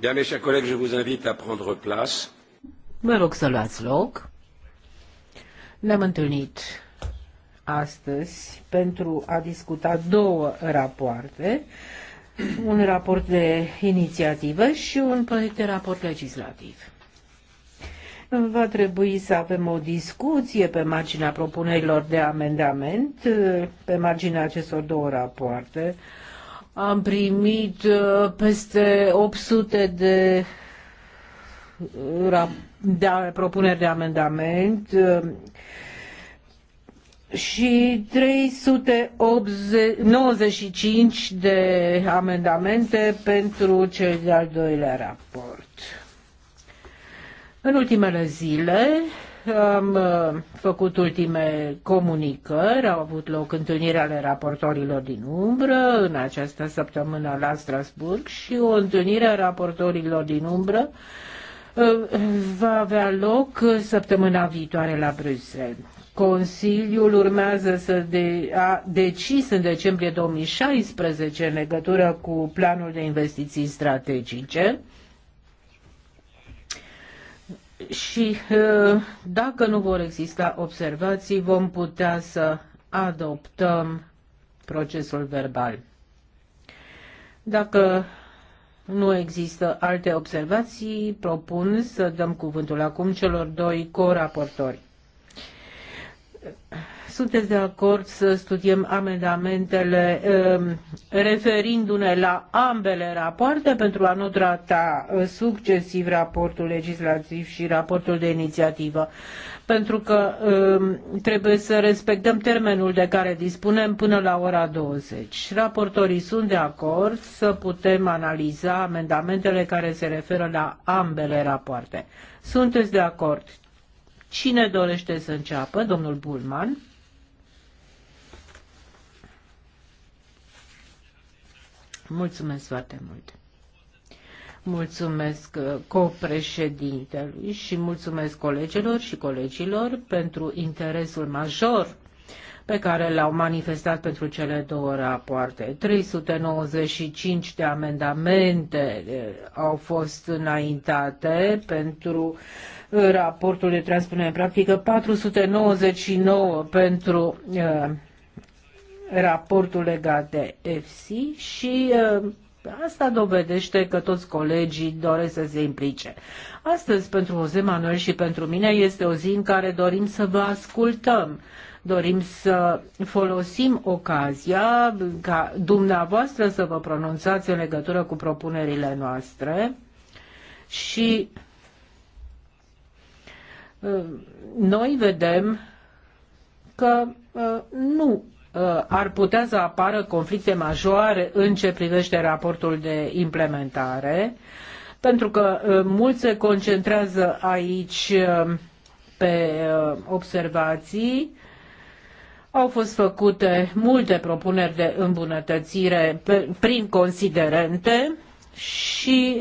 Bien, mes chers Vă rog să luați loc. Ne-am întâlnit astăzi pentru a discuta două rapoarte, un raport de inițiativă și un proiect de raport legislativ. Va trebui să avem o discuție pe marginea propunerilor de amendament, pe marginea acestor două rapoarte, am primit uh, peste 800 de, uh, de propuneri de amendament uh, și 395 de amendamente pentru cel de-al doilea raport. În ultimele zile, am uh, făcut ultime comunicări, au avut loc întâlniri ale raportorilor din umbră în această săptămână la Strasburg și o întâlnire a raportorilor din umbră uh, va avea loc săptămâna viitoare la Bruxelles. Consiliul urmează să de, a decis în decembrie 2016 în legătură cu planul de investiții strategice și uh, dacă nu vor exista observații, vom putea să adoptăm procesul verbal. Dacă nu există alte observații, propun să dăm cuvântul acum celor doi coraportori sunteți de acord să studiem amendamentele um, referindu-ne la ambele rapoarte pentru a nu trata uh, succesiv raportul legislativ și raportul de inițiativă? Pentru că um, trebuie să respectăm termenul de care dispunem până la ora 20. Raportorii sunt de acord să putem analiza amendamentele care se referă la ambele rapoarte. Sunteți de acord? Cine dorește să înceapă? Domnul Bulman. Mulțumesc foarte mult! Mulțumesc uh, copreședintelui și mulțumesc colegilor și colegilor pentru interesul major pe care l-au manifestat pentru cele două rapoarte. 395 de amendamente uh, au fost înaintate pentru uh, raportul de transpunere în practică, 499 pentru uh, raportul legat de EFSI și uh, Asta dovedește că toți colegii doresc să se implice. Astăzi, pentru Jose Manuel și pentru mine, este o zi în care dorim să vă ascultăm. Dorim să folosim ocazia ca dumneavoastră să vă pronunțați în legătură cu propunerile noastre și uh, noi vedem că uh, nu Uh, ar putea să apară conflicte majore în ce privește raportul de implementare, pentru că uh, mulți se concentrează aici uh, pe observații, au fost făcute multe propuneri de îmbunătățire prin considerente și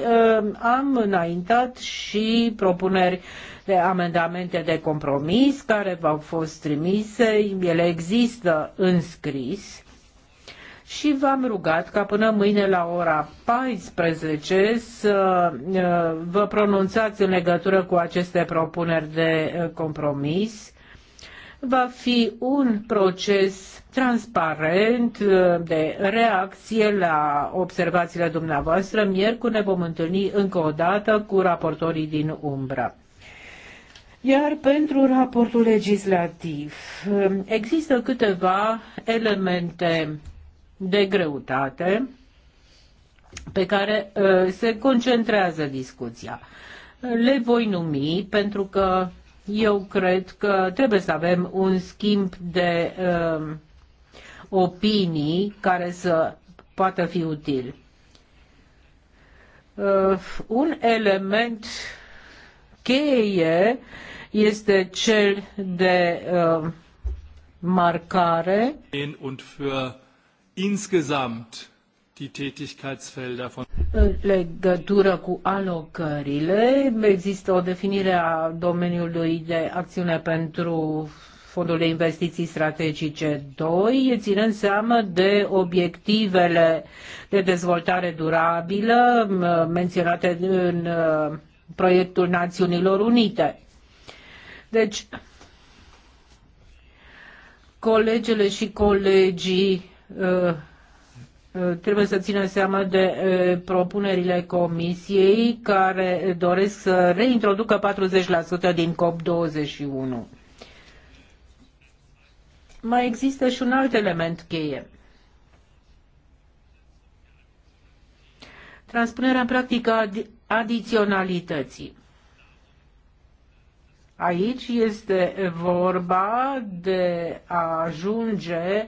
am înaintat și propuneri de amendamente de compromis care v-au fost trimise, ele există înscris și v-am rugat ca până mâine la ora 14 să uh, vă pronunțați în legătură cu aceste propuneri de uh, compromis. Va fi un proces transparent uh, de reacție la observațiile dumneavoastră. Miercuri ne vom întâlni încă o dată cu raportorii din umbră. Iar pentru raportul legislativ um, există câteva elemente de greutate pe care uh, se concentrează discuția. Le voi numi pentru că eu cred că trebuie să avem un schimb de uh, opinii care să poată fi util. Uh, un element cheie este cel de uh, marcare. Und für insgesamt die Tätigkeitsfelder von în legătură cu alocările, există o definire a domeniului de acțiune pentru Fondul de Investiții Strategice 2, ținând seama de obiectivele de dezvoltare durabilă menționate în uh, proiectul Națiunilor Unite. Deci, colegele și colegii uh, uh, trebuie să țină seama de uh, propunerile comisiei care doresc să reintroducă 40% din COP21. Mai există și un alt element cheie. Transpunerea practică adiționalității. Aici este vorba de a ajunge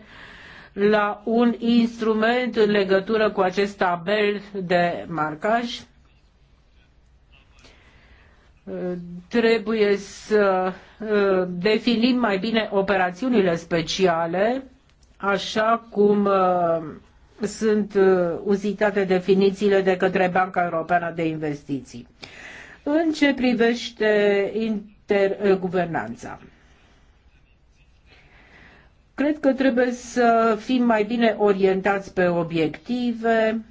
la un instrument în legătură cu acest tabel de marcaj. Trebuie să uh, definim mai bine operațiunile speciale, așa cum uh, sunt uh, uzitate definițiile de către Banca Europeană de Investiții. În ce privește interguvernanța? Cred că trebuie să fim mai bine orientați pe obiective,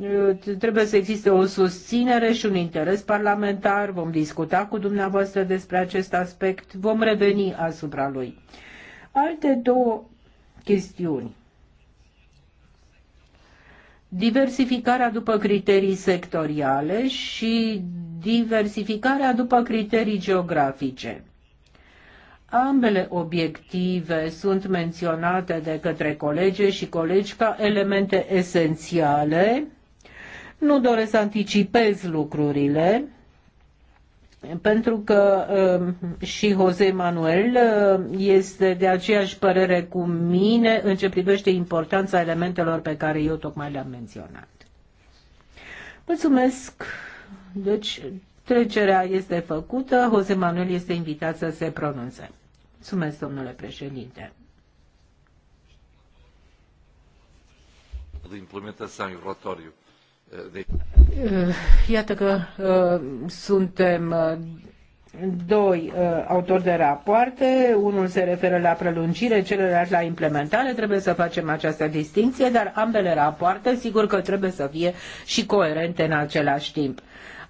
uh, trebuie să existe o susținere și un interes parlamentar, vom discuta cu dumneavoastră despre acest aspect, vom reveni asupra lui. Alte două chestiuni diversificarea după criterii sectoriale și diversificarea după criterii geografice. Ambele obiective sunt menționate de către colege și colegi ca elemente esențiale. Nu doresc să anticipez lucrurile, pentru că um, și Jose Manuel um, este de aceeași părere cu mine în ce privește importanța elementelor pe care eu tocmai le-am menționat. Mulțumesc! Deci, trecerea este făcută, Jose Manuel este invitat să se pronunțe. Mulțumesc, domnule președinte! de implementação e relatório Uh, iată că uh, suntem uh, doi autori de rapoarte, unul se referă la prelungire, celălalt la implementare, trebuie să facem această distinție, dar ambele rapoarte sigur că trebuie să fie și coerente în același timp.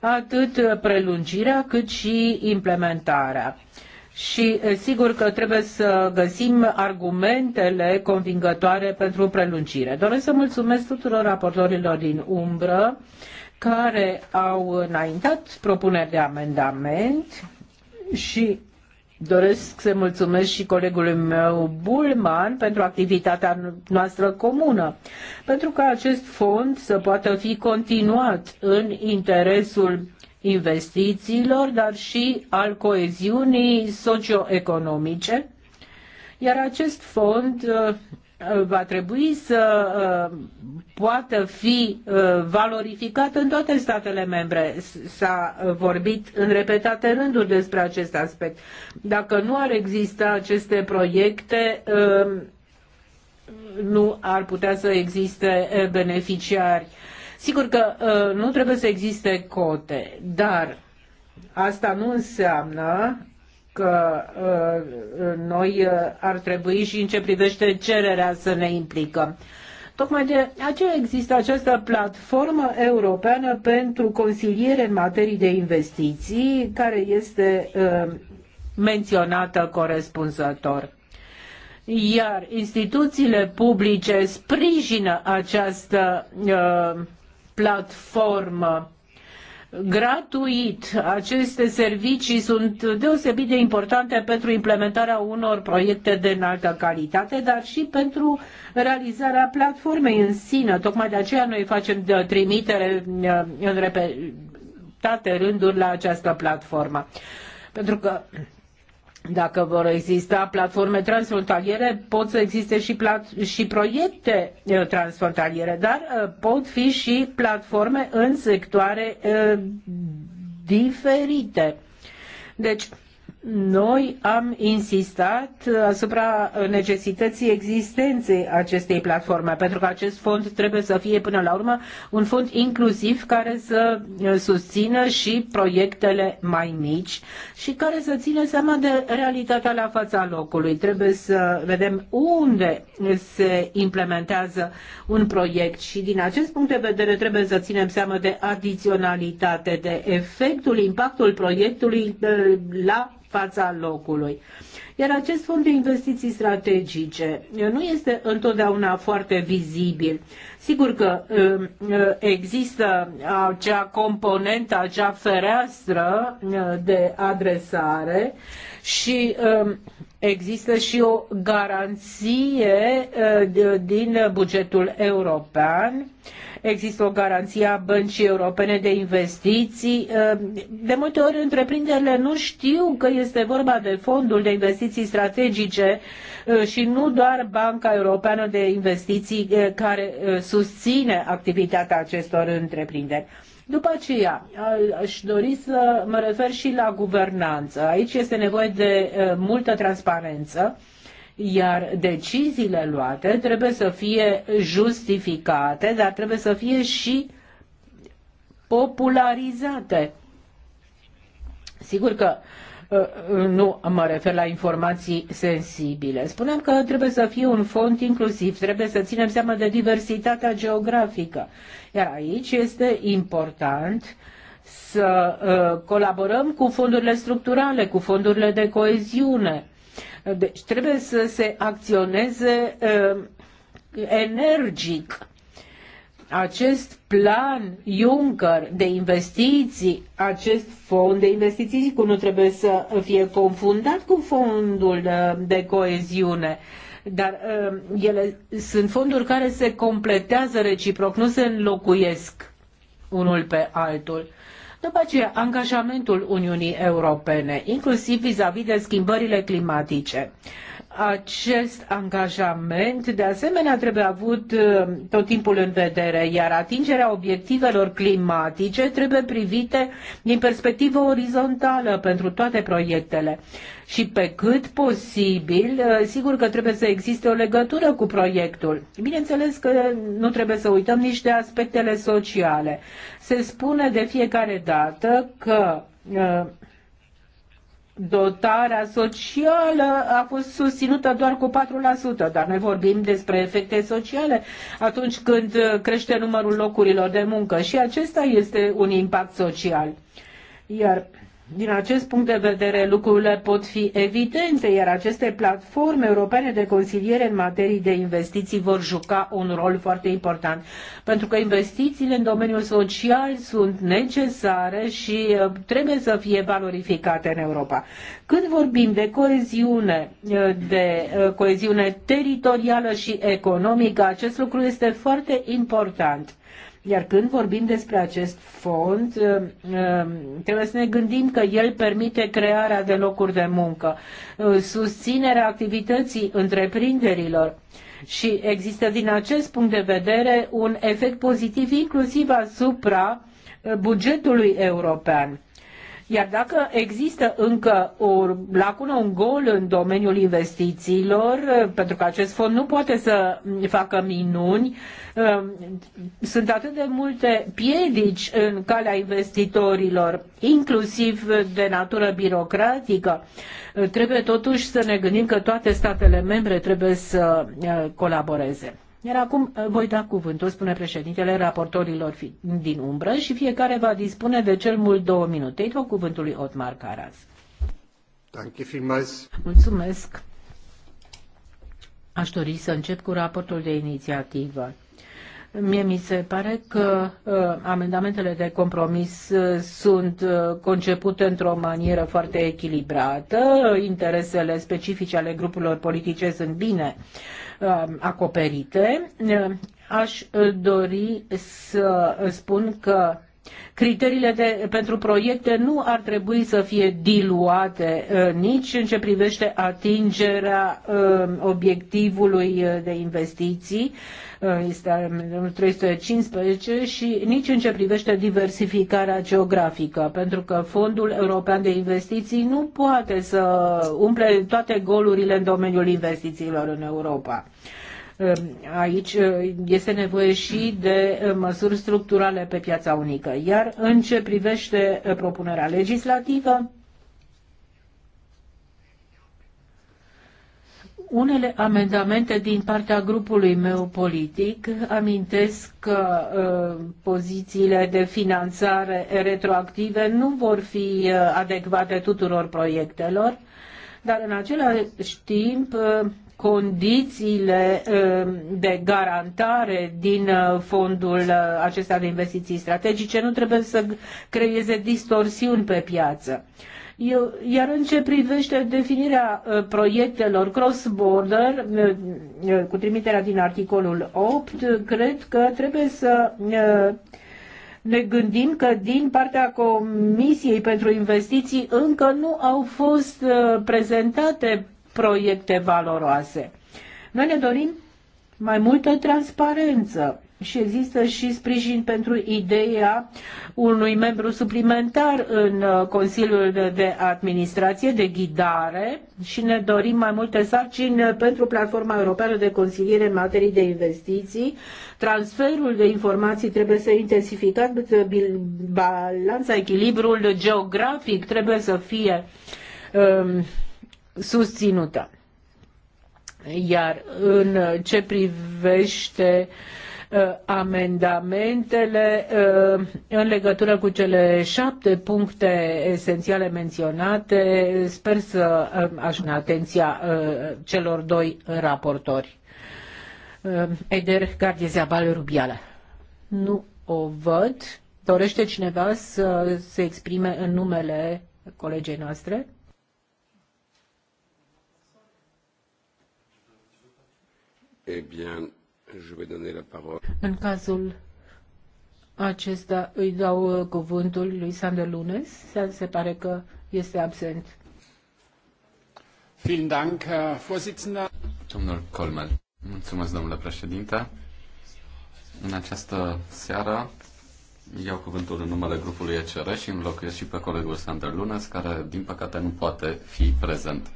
Atât prelungirea cât și implementarea. Uh, și sigur că trebuie să găsim argumentele convingătoare pentru prelungire. Doresc să mulțumesc tuturor raportorilor din umbră care au înaintat propuneri de amendament și doresc să mulțumesc și colegului meu Bulman pentru activitatea noastră comună, pentru ca acest fond să poată fi continuat în interesul investițiilor, dar și al coeziunii socioeconomice. Iar acest fond uh, uh, va trebui să uh, poată fi valorificat în toate statele membre. S-a vorbit în repetate rânduri despre acest aspect. Dacă nu ar exista aceste proiecte, nu ar putea să existe beneficiari Sigur că uh, nu trebuie să existe cote, dar asta nu înseamnă că uh, noi uh, ar trebui și în ce privește cererea să ne implicăm. Tocmai de aceea există această platformă europeană pentru consiliere în materii de investiții, care este uh, menționată corespunzător. Iar instituțiile publice sprijină această uh, platformă gratuit. Aceste servicii sunt deosebit de importante pentru implementarea unor proiecte de înaltă calitate, dar și pentru realizarea platformei în sine. Tocmai de aceea noi facem de trimitere uh, în repetate rânduri la această platformă. Pentru că dacă vor exista platforme transfrontaliere, pot să existe și, plat- și proiecte transfrontaliere, dar pot fi și platforme în sectoare diferite. Deci, noi am insistat asupra necesității existenței acestei platforme, pentru că acest fond trebuie să fie până la urmă un fond inclusiv care să uh, susțină și proiectele mai mici și care să țină seama de realitatea la fața locului. Trebuie să vedem unde se implementează un proiect și din acest punct de vedere trebuie să ținem seama de adiționalitate, de efectul, impactul proiectului uh, la fața locului. Iar acest fond de investiții strategice eh, nu este întotdeauna foarte vizibil. Sigur că eh, eh, există acea componentă, acea fereastră de adresare și există și o garanție uh, din bugetul european, există o garanție a Băncii Europene de Investiții. Uh, de multe ori întreprinderile nu știu că este vorba de fondul de investiții strategice uh, și nu doar Banca Europeană de Investiții care susține activitatea acestor întreprinderi. După aceea, aș dori să mă refer și la guvernanță. Aici este nevoie de multă transparență, iar deciziile luate trebuie să fie justificate, dar trebuie să fie și popularizate. Sigur că uh, Uh, nu mă refer la informații sensibile. Spuneam că trebuie să fie un fond inclusiv, trebuie să ținem seama de diversitatea geografică. Iar aici este important să uh, colaborăm cu fondurile structurale, cu fondurile de coeziune. Deci trebuie să se acționeze uh, energic acest plan Juncker de investiții, acest fond de investiții, nu trebuie să fie confundat cu fondul uh, de coeziune dar uh, ele sunt fonduri care se completează reciproc, nu se înlocuiesc unul pe altul. După aceea, angajamentul Uniunii Europene, inclusiv vis-a-vis -vis de schimbările climatice. Uh, acest angajament, de asemenea, trebuie avut uh, tot timpul în vedere, iar atingerea obiectivelor climatice trebuie privite din perspectivă orizontală pentru toate proiectele. Și pe cât posibil, uh, sigur că trebuie să existe o legătură cu proiectul. Bineînțeles că nu trebuie să uităm nici de aspectele sociale. Se spune de fiecare dată că uh, dotarea socială a fost susținută doar cu 4%, dar noi vorbim despre efecte sociale atunci când uh, crește numărul locurilor de muncă și acesta este un impact social. Iar din acest punct de vedere, lucrurile pot fi evidente, iar aceste platforme europene de consiliere în materii de investiții vor juca un rol foarte important, pentru că investițiile în domeniul social sunt necesare și uh, trebuie să fie valorificate în Europa. Când vorbim de coeziune, uh, de uh, coeziune teritorială și economică, acest lucru este foarte important. Iar când vorbim despre acest fond, uh, uh, trebuie să ne gândim că el permite crearea de locuri de muncă, uh, susținerea activității întreprinderilor și există din acest punct de vedere un efect pozitiv inclusiv asupra bugetului european. Iar dacă există încă o lacună, un gol în domeniul investițiilor, uh, pentru că acest fond nu poate să facă minuni, uh, sunt atât de multe piedici în calea investitorilor, inclusiv de natură birocratică. Uh, trebuie totuși să ne gândim că toate statele membre trebuie să colaboreze. Iar acum uh, voi da cuvântul, spune președintele raportorilor din umbră și fiecare va dispune de cel mult două minute. Îi cuvântul lui Otmar Caraz. Mulțumesc. Aș dori să încep cu raportul de inițiativă. Mie mi se pare că uh, amendamentele de compromis uh, sunt uh, concepute într-o manieră foarte echilibrată, interesele specifice ale grupurilor politice sunt bine uh, Um, acoperite. Aș dori să spun că Criteriile de, pentru proiecte nu ar trebui să fie diluate uh, nici în ce privește atingerea uh, obiectivului uh, de investiții, este 315, și nici în ce privește diversificarea geografică, pentru că Fondul European de Investiții nu poate să umple toate golurile în domeniul investițiilor în Europa. Aici uh, este nevoie și de uh, măsuri structurale pe piața unică. Iar în ce privește uh, propunerea legislativă, Unele amendamente din partea grupului meu politic amintesc că uh, pozițiile de finanțare retroactive nu vor fi uh, adecvate tuturor proiectelor, dar în același timp uh, condițiile ehm, de garantare din uh, fondul uh, acesta de investiții strategice nu trebuie să creeze distorsiuni pe piață. Eu, iar în ce privește definirea uh, proiectelor cross-border, cu trimiterea din articolul 8, cred că trebuie să ne gândim că din partea Comisiei pentru Investiții încă nu au fost prezentate proiecte valoroase. Noi ne dorim mai multă transparență și există și sprijin pentru ideea unui membru suplimentar în uh, Consiliul de Administrație, de ghidare și ne dorim mai multe sarcini pentru Platforma Europeană de Consiliere în materii de investiții. Transferul de informații trebuie să intensificat, balanța, echilibrul geografic trebuie să fie um, susținută. Iar în ce privește uh, amendamentele uh, în legătură cu cele șapte puncte esențiale menționate. Sper să uh, ajung atenția celor doi raportori. Eder Gardiezabal Rubiala. Nu o văd. Dorește cineva să se exprime în numele colegei noastre? Eh în cazul acesta îi dau uh, cuvântul lui Sander Lunes. Se pare că este absent. Dank, Domnul Colmel. Mulțumesc, domnule președinte. În această seară iau cuvântul în numele grupului ECR și înlocuiesc și pe colegul Sander Lunes, care, din păcate, nu poate fi prezent.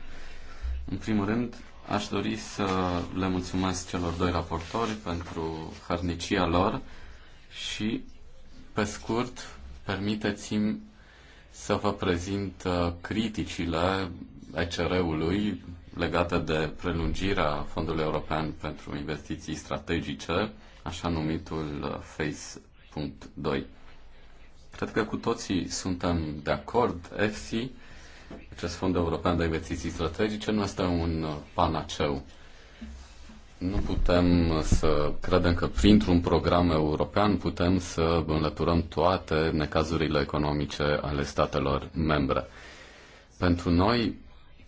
În primul rând, Aș dori să le mulțumesc celor doi raportori pentru hărnicia lor și, pe scurt, permiteți-mi să vă prezint uh, criticile ECR-ului legate de prelungirea Fondului European pentru Investiții Strategice, așa numitul uh, FACE.2. Cred că cu toții suntem de acord, EFSI acest Fond European de Investiții Strategice nu este un panaceu. Nu putem să credem că printr-un program european putem să înlăturăm toate necazurile economice ale statelor membre. Pentru noi,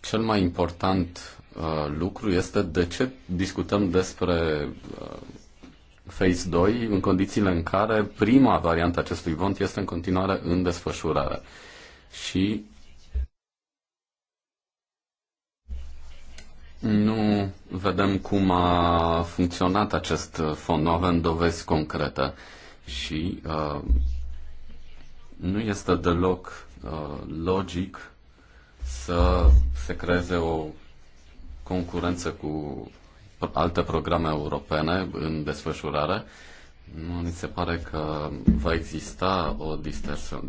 cel mai important uh, lucru este de ce discutăm despre uh, Phase 2 în condițiile în care prima variantă acestui vont este în continuare în desfășurare. Și Nu vedem cum a funcționat acest fond, nu avem dovezi concrete și uh, nu este deloc uh, logic să se creeze o concurență cu alte programe europene în desfășurare. Nu ni se pare că va exista o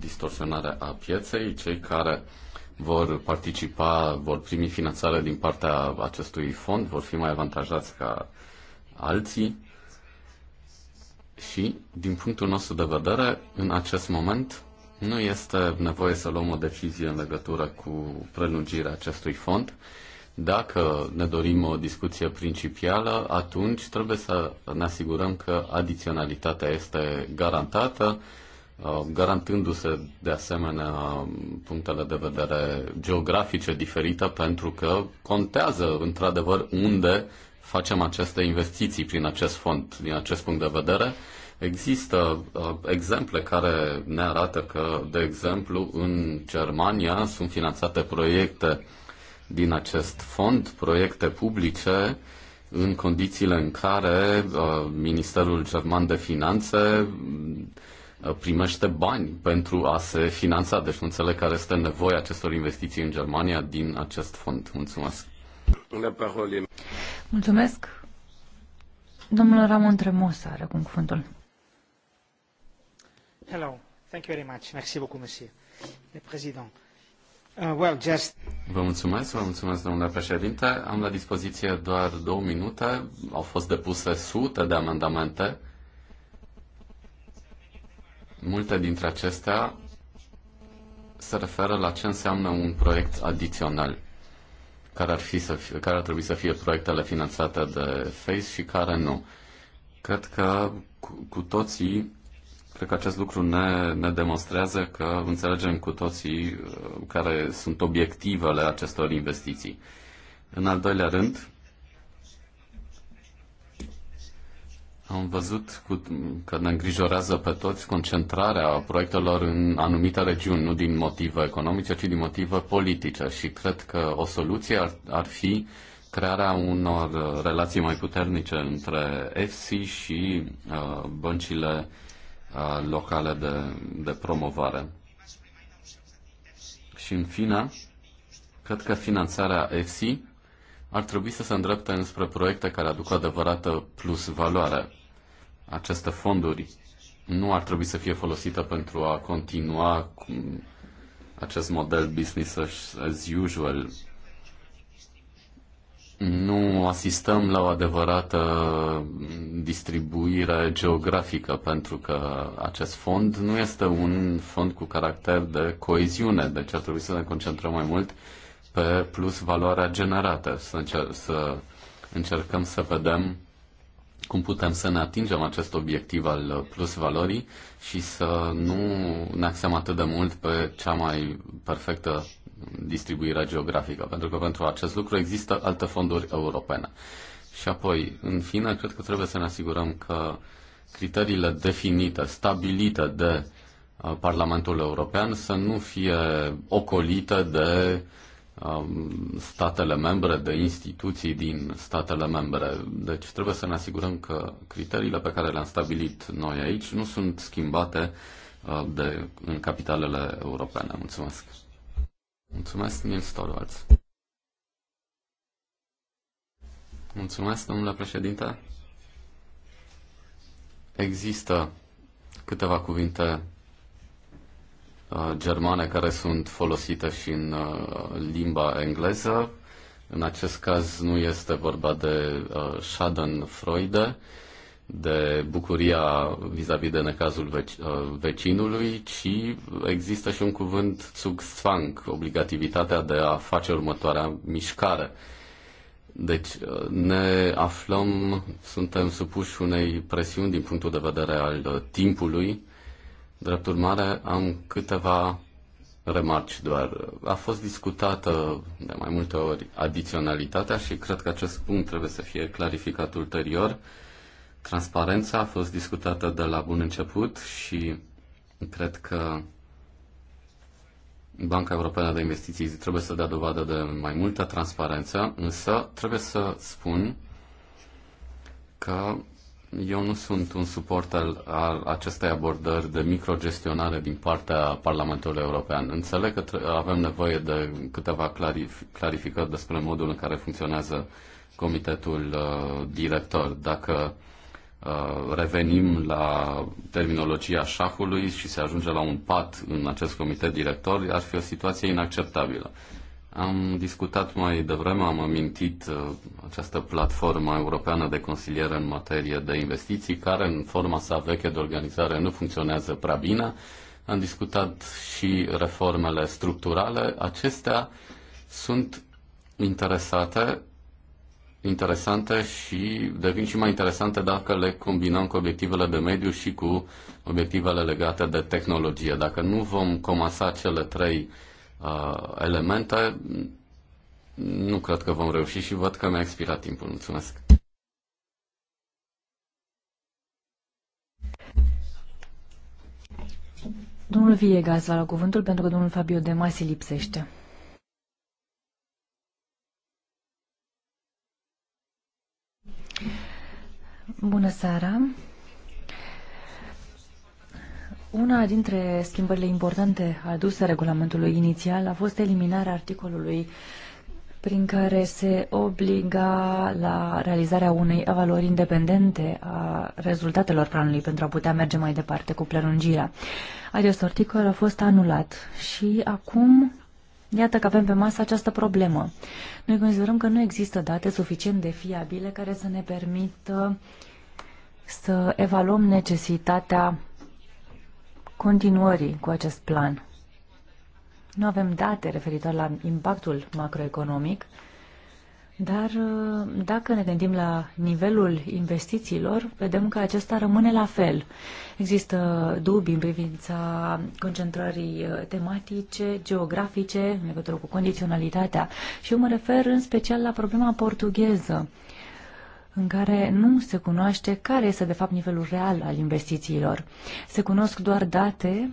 distorsionare a pieței. Cei care uh, vor participa, vor primi finanțare din partea acestui fond, vor fi mai avantajați ca alții. Și, din punctul nostru de vedere, în acest moment nu este nevoie să luăm o decizie în legătură cu prelungirea acestui fond. Dacă ne dorim o discuție principială, atunci trebuie să ne asigurăm că adiționalitatea este garantată, Uh, garantându-se de asemenea punctele de vedere geografice diferite, pentru că contează într-adevăr unde facem aceste investiții prin acest fond, din acest punct de vedere. Există uh, exemple care ne arată că, de exemplu, în Germania sunt finanțate proiecte din acest fond, proiecte publice, în condițiile în care uh, Ministerul German de Finanțe Uh, primește bani pentru a se finanța. Deci nu înțeleg care este nevoia acestor investiții în Germania din acest fond. Mulțumesc. Mulțumesc. Domnul Ramon Tremos are cum cuvântul. Hello. Thank you very much. Merci beaucoup, monsieur le président. Uh, well, just... Vă mulțumesc, vă mulțumesc, domnule președinte. Am la dispoziție doar două minute. Au fost depuse sute de amendamente Multe dintre acestea se referă la ce înseamnă un proiect adițional, care ar, fi să fie, care ar trebui să fie proiectele finanțate de FACE și care nu. Cred că cu, cu toții, cred că acest lucru ne, ne demonstrează că înțelegem cu toții uh, care sunt obiectivele acestor investiții. În al doilea rând, Am văzut cu, că ne îngrijorează pe toți concentrarea proiectelor în anumite regiuni, nu din motive economice, ci din motive politice și cred că o soluție ar, ar fi crearea unor relații mai puternice între EFSI și uh, băncile uh, locale de, de promovare. Și în fine, cred că finanțarea EFSI ar trebui să se îndrepte înspre proiecte care aduc adevărată plus valoare aceste fonduri nu ar trebui să fie folosită pentru a continua cu acest model business as usual. Nu asistăm la o adevărată distribuire geografică, pentru că acest fond nu este un fond cu caracter de coeziune, deci ar trebui să ne concentrăm mai mult pe plus valoarea generată, să, încer- să încercăm să vedem cum putem să ne atingem acest obiectiv al plus valorii și să nu ne axăm atât de mult pe cea mai perfectă distribuire geografică, pentru că pentru acest lucru există alte fonduri europene. Și apoi, în fine, cred că trebuie să ne asigurăm că criteriile definite, stabilite de uh, Parlamentul European să nu fie ocolite de uh, Um, statele membre, de instituții din statele membre. Deci trebuie să ne asigurăm că criteriile pe care le-am stabilit noi aici nu sunt schimbate uh, de, în capitalele europene. Mulțumesc! Mulțumesc, Nils Torvalds! Mulțumesc, domnule președinte! Există câteva cuvinte Uh, germane care sunt folosite și în uh, limba engleză. În acest caz nu este vorba de uh, Schadenfreude, de bucuria vis-a-vis -vis de necazul uh, vecinului, ci există și un cuvânt Zugzwang, obligativitatea de a face următoarea mișcare. Deci uh, ne aflăm, suntem supuși unei presiuni din punctul de vedere al timpului Drept urmare, am câteva remarci doar. A fost discutată de mai multe ori adiționalitatea și cred că acest punct trebuie să fie clarificat ulterior. Transparența a fost discutată de la bun început și cred că Banca Europeană de Investiții trebuie să dea dovadă de mai multă transparență, însă trebuie să spun că eu nu sunt un suport al, al acestei abordări de microgestionare din partea Parlamentului European. Înțeleg că avem nevoie de câteva clarif- clarificări despre modul în care funcționează comitetul uh, director. Dacă uh, revenim la terminologia șahului și se ajunge la un pat în acest comitet director, ar fi o situație inacceptabilă. Uh, am discutat mai devreme, am amintit uh, această platformă europeană de consiliere în materie de investiții, care în forma sa veche de organizare nu funcționează prea bine. Am discutat și reformele structurale. Acestea sunt interesate interesante și devin și mai interesante dacă le combinăm cu obiectivele de mediu și cu obiectivele legate de tehnologie. Dacă nu vom comasa cele trei uh, elemente, nu cred că vom reuși și văd că mi-a expirat timpul. Mulțumesc! Domnul Viegas va lua cuvântul pentru că domnul Fabio De Masi lipsește. Bună seara! Una dintre schimbările importante aduse regulamentului inițial a fost eliminarea articolului prin care se obliga la realizarea unei evaluări independente a rezultatelor planului pentru a putea merge mai departe cu prelungirea. Acest articol a fost anulat și acum Iată că avem pe masă această problemă. Noi considerăm că nu există date suficient de fiabile care să ne permită să evaluăm necesitatea continuării cu acest plan. Nu avem date referitor la impactul macroeconomic, dar uh, dacă ne gândim la nivelul investițiilor, vedem că acesta rămâne la fel. Există dubii în privința concentrării uh, tematice, geografice, în legătură cu condiționalitatea. Și eu mă refer în special la problema portugheză. Uh, în care nu se cunoaște care este de fapt nivelul real al investițiilor. Se cunosc doar date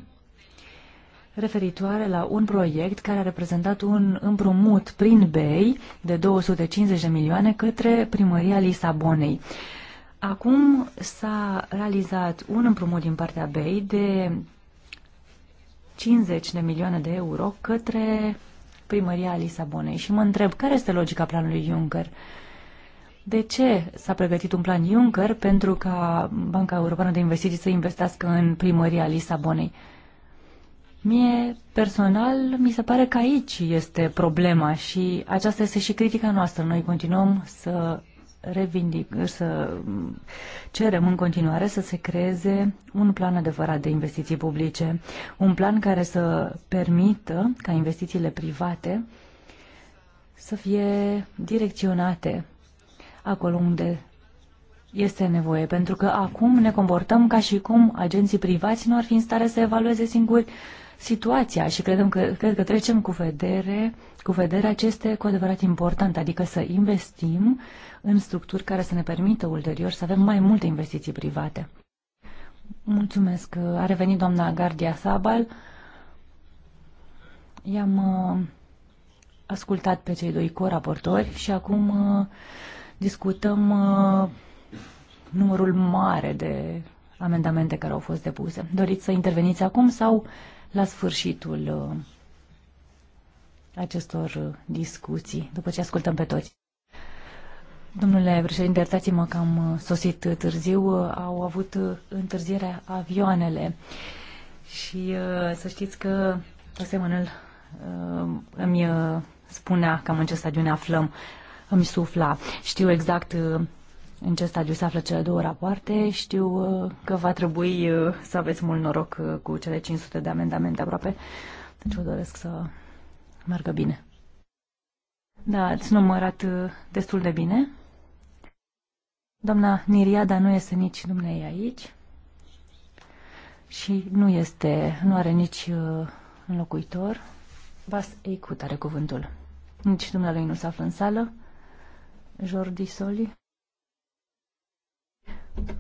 referitoare la un proiect care a reprezentat un împrumut prin BEI de 250 de milioane către primăria Lisabonei. Acum s-a realizat un împrumut din partea BEI de 50 de milioane de euro către primăria Lisabonei și mă întreb care este logica planului Juncker. De ce s-a pregătit un plan Juncker pentru ca Banca Europeană de Investiții să investească în primăria Lisabonei? Mie, personal, mi se pare că aici este problema și aceasta este și critica noastră. Noi continuăm să revindic, să cerem în continuare să se creeze un plan adevărat de investiții publice, un plan care să permită ca investițiile private să fie direcționate acolo unde este nevoie, pentru că acum ne comportăm ca și cum agenții privați nu ar fi în stare să evalueze singuri situația și credem că, cred că trecem cu vedere, cu vedere aceste cu adevărat important, adică să investim în structuri care să ne permită ulterior să avem mai multe investiții private. Mulțumesc. A revenit doamna Gardia Sabal. I-am uh, ascultat pe cei doi coraportori și acum uh, discutăm uh, numărul mare de amendamente care au fost depuse. Doriți să interveniți acum sau la sfârșitul uh, acestor uh, discuții, după ce ascultăm pe toți? Domnule președinte, iertați-mă că am uh, sosit târziu, uh, au avut întârzierea avioanele și să știți că uh, îmi spunea cam în ce stadiune ne aflăm îmi sufla. Știu exact uh, în ce stadiu se află cele două rapoarte. Știu uh, că va trebui uh, să aveți mult noroc cu cele 500 de amendamente aproape, deci vă doresc să meargă bine. Da, ați numărat destul de bine. Doamna Niriada nu este nici dumnei aici și nu este, nu are nici înlocuitor. Vas Eicut are cuvântul. Nici dumnealui nu se află în sală. Jordi Soli.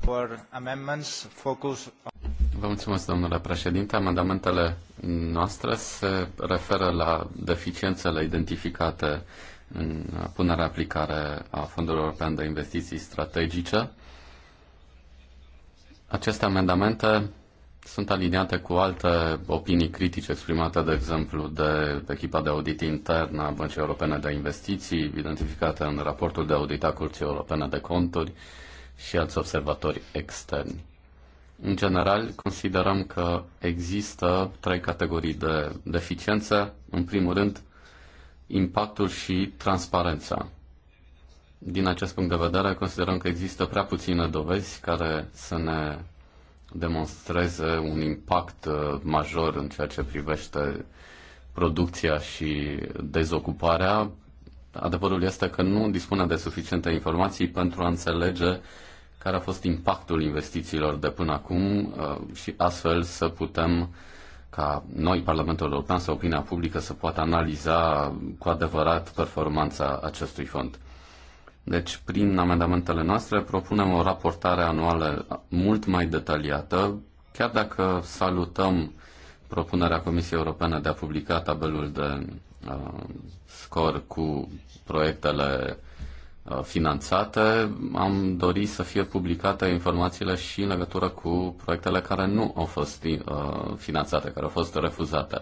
For amendments, focus on... Vă mulțumesc, domnule președinte. Amendamentele noastre se referă la deficiențele identificate în punerea aplicare a Fondului European de Investiții Strategice. Aceste amendamente sunt aliniate cu alte opinii critice exprimate, de exemplu, de echipa de audit intern a Băncii Europene de Investiții, identificată în raportul de audit a Curții Europene de Conturi și alți observatori externi. În general, considerăm că există trei categorii de deficiențe. În primul rând, impactul și transparența. Din acest punct de vedere, considerăm că există prea puține dovezi care să ne demonstreze un impact uh, major în ceea ce privește producția și dezocuparea. Adevărul este că nu dispune de suficiente informații pentru a înțelege care a fost impactul investițiilor de până acum uh, și astfel să putem ca noi, Parlamentul European sau opinia publică, să poată analiza cu adevărat performanța acestui fond. Deci, prin amendamentele noastre, propunem o raportare anuală mult mai detaliată, chiar dacă salutăm propunerea Comisiei Europene de a publica tabelul de uh, scor cu proiectele uh, finanțate, am dorit să fie publicate informațiile și în legătură cu proiectele care nu au fost uh, finanțate, care au fost refuzate.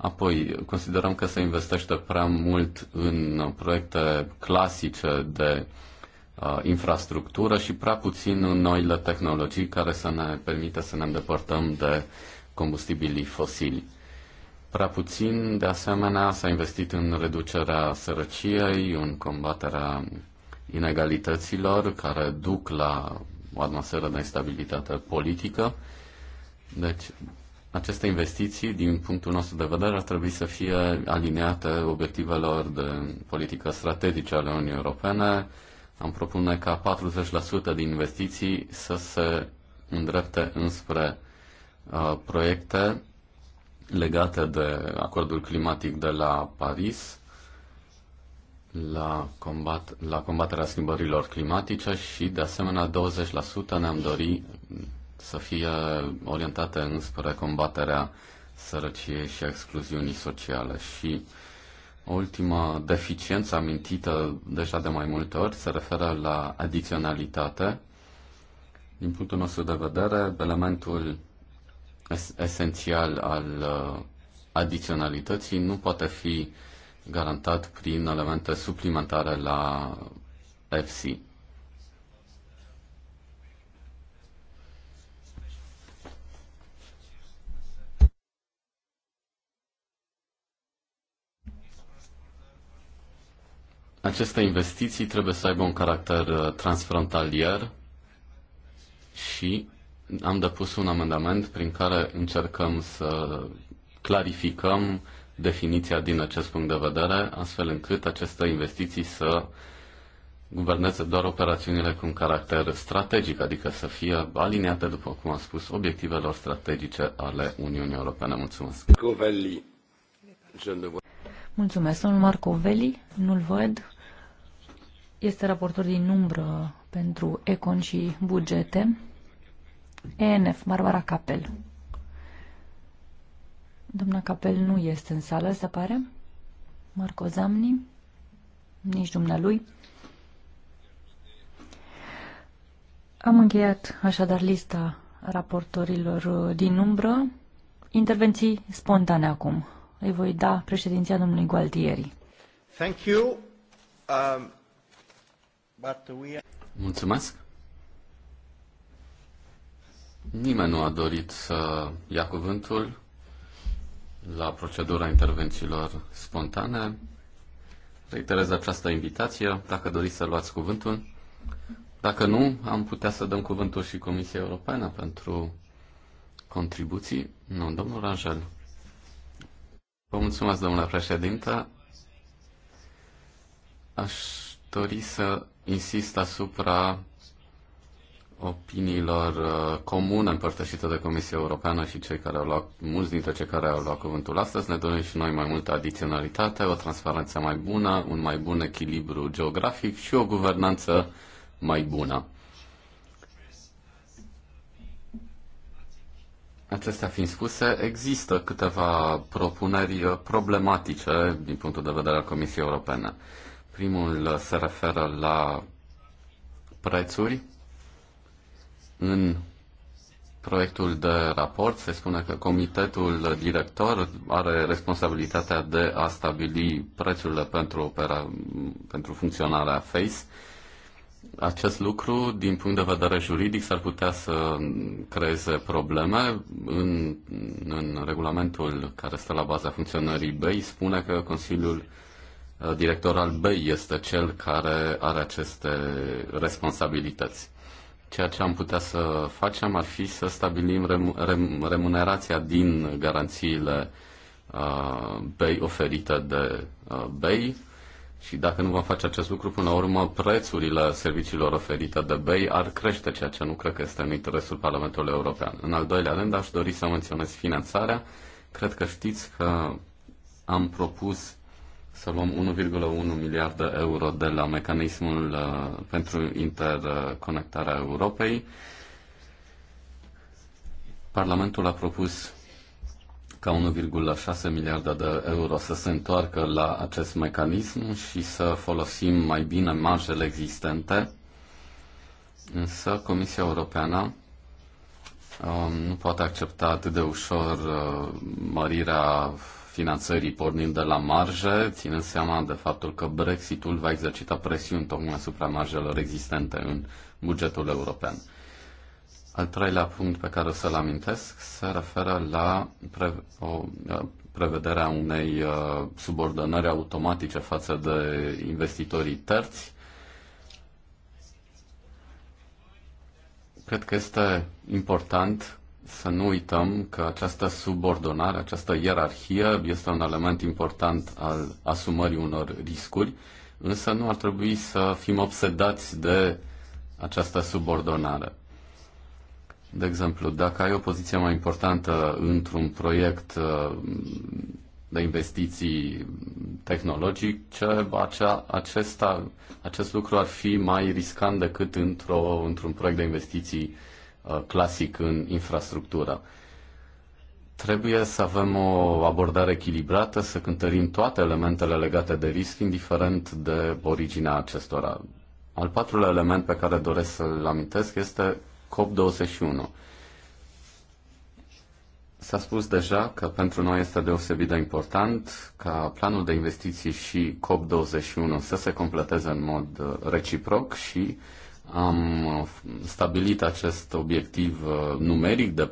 Apoi, considerăm că se investește prea mult în proiecte clasice de uh, infrastructură și prea puțin în noile tehnologii care să ne permită să ne îndepărtăm de combustibilii fosili. Prea puțin, de asemenea, s-a investit în reducerea sărăciei, în combaterea inegalităților care duc la o atmosferă de instabilitate politică. Deci, aceste investiții, din punctul nostru de vedere, ar trebui să fie aliniate obiectivelor de politică strategice ale Uniunii Europene. Am propune ca 40% din investiții să se îndrepte înspre uh, proiecte legate de acordul climatic de la Paris, la, combat, la combaterea schimbărilor climatice și, de asemenea, 20% ne-am dorit să fie orientate înspre combaterea sărăciei și excluziunii sociale. Și ultima deficiență amintită deja de mai multe ori se referă la adiționalitate. Din punctul nostru de vedere, elementul esențial al uh, adiționalității nu poate fi garantat prin elemente suplimentare la FC. Aceste investiții trebuie să aibă un caracter uh, transfrontalier și am depus un amendament prin care încercăm să clarificăm definiția din acest punct de vedere, astfel încât aceste investiții să guverneze doar operațiunile cu un caracter strategic, adică să fie aliniate, după cum am spus, obiectivelor strategice ale Uniunii Europene. Mulțumesc! Covelli. Mulțumesc, domnul Marco Veli, nu-l văd este raportor din umbră pentru Econ și bugete. ENF, Barbara Capel. Doamna Capel nu este în sală, se pare. Marco Zamni, nici dumnealui. Am încheiat așadar lista raportorilor din umbră. Intervenții spontane acum. Îi voi da președinția domnului Gualtieri. Thank you. Um... Mulțumesc. Nimeni nu a dorit să ia cuvântul la procedura intervențiilor spontane. Reiterez această invitație, dacă doriți să luați cuvântul. Dacă nu, am putea să dăm cuvântul și Comisiei Europene pentru contribuții. Nu, domnul Rangel. Vă mulțumesc, domnule președinte. Aș dori să insist asupra opiniilor uh, comune împărtășite de Comisia Europeană și cei care au luat, mulți dintre cei care au luat cuvântul astăzi, ne dorim și noi mai multă adiționalitate, o transparență mai bună, un mai bun echilibru geografic și o guvernanță mai bună. Acestea fiind spuse, există câteva propuneri uh, problematice din punctul de vedere al Comisiei Europene. Primul uh, se referă la prețuri. În proiectul de raport se spune că comitetul director are responsabilitatea de a stabili prețurile pentru, opera, pentru funcționarea FACE. Acest lucru, din punct de vedere juridic, s-ar putea să creeze probleme. În, în regulamentul care stă la baza funcționării BEI spune că Consiliul Uh, director al BEI este cel care are aceste responsabilități. Ceea ce am putea să facem ar fi să stabilim remunerația din garanțiile uh, BEI oferite de uh, BEI și dacă nu vom face acest lucru, până la urmă, prețurile serviciilor oferite de BEI ar crește, ceea ce nu cred că este în interesul Parlamentului European. În al doilea rând, aș dori să menționez finanțarea. Cred că știți că am propus să luăm 1,1 miliarde euro de la mecanismul uh, pentru interconectarea Europei. Parlamentul a propus ca 1,6 miliarde de euro să se întoarcă la acest mecanism și să folosim mai bine marjele existente, însă Comisia Europeană um, nu poate accepta atât de ușor uh, mărirea finanțării, pornind de la marjă, ținând seama de faptul că Brexitul va exercita presiuni tocmai asupra marjelor existente în bugetul european. Al treilea punct pe care o să-l amintesc se referă la pre- o, prevederea unei subordonări automatice față de investitorii terți. Cred că este important să nu uităm că această subordonare, această ierarhie este un element important al asumării unor riscuri, însă nu ar trebui să fim obsedați de această subordonare. De exemplu, dacă ai o poziție mai importantă într-un proiect uh, de investiții tehnologice, acea, acesta, acest lucru ar fi mai riscant decât într într-un proiect de investiții uh, Uh, clasic în infrastructură. Trebuie să avem o abordare echilibrată, să cântărim toate elementele legate de risc, indiferent de originea acestora. Al patrulea element pe care doresc să-l amintesc este COP21. S-a spus deja că pentru noi este deosebit de important ca planul de investiții și COP21 să se completeze în mod uh, reciproc și uh, am uh, stabilit acest obiectiv uh, numeric de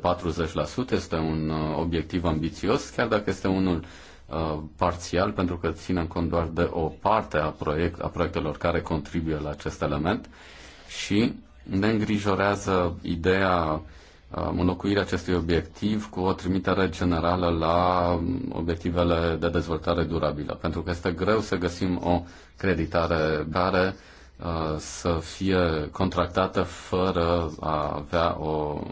40%, este un uh, obiectiv ambițios, chiar dacă este unul parțial, pentru că ținem cont doar de o parte a, proiect, a proiectelor care contribuie la acest element și ne îngrijorează ideea înlocuirea acestui obiectiv cu o trimitere generală la obiectivele de dezvoltare durabilă, pentru că este greu să găsim o creditare care Uh, să fie contractată fără a avea o,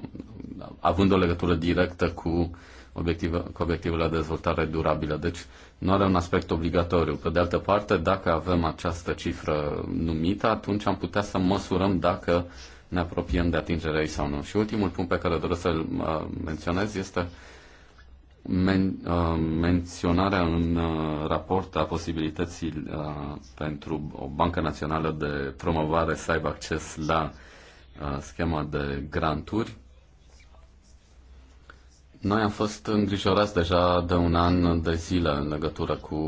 având o legătură directă cu, obiective, cu obiectivele de dezvoltare durabilă. Deci nu are un aspect obligatoriu. Pe de altă parte, dacă avem această cifră numită, atunci am putea să măsurăm dacă ne apropiem de atingerea ei sau nu. Și ultimul punct pe care doresc să-l uh, menționez este uh, men, uh, menționarea în uh, raport a posibilității uh, pentru o bancă națională de promovare să aibă acces la schema de granturi. Noi am fost îngrijorați deja de un an de zile în legătură cu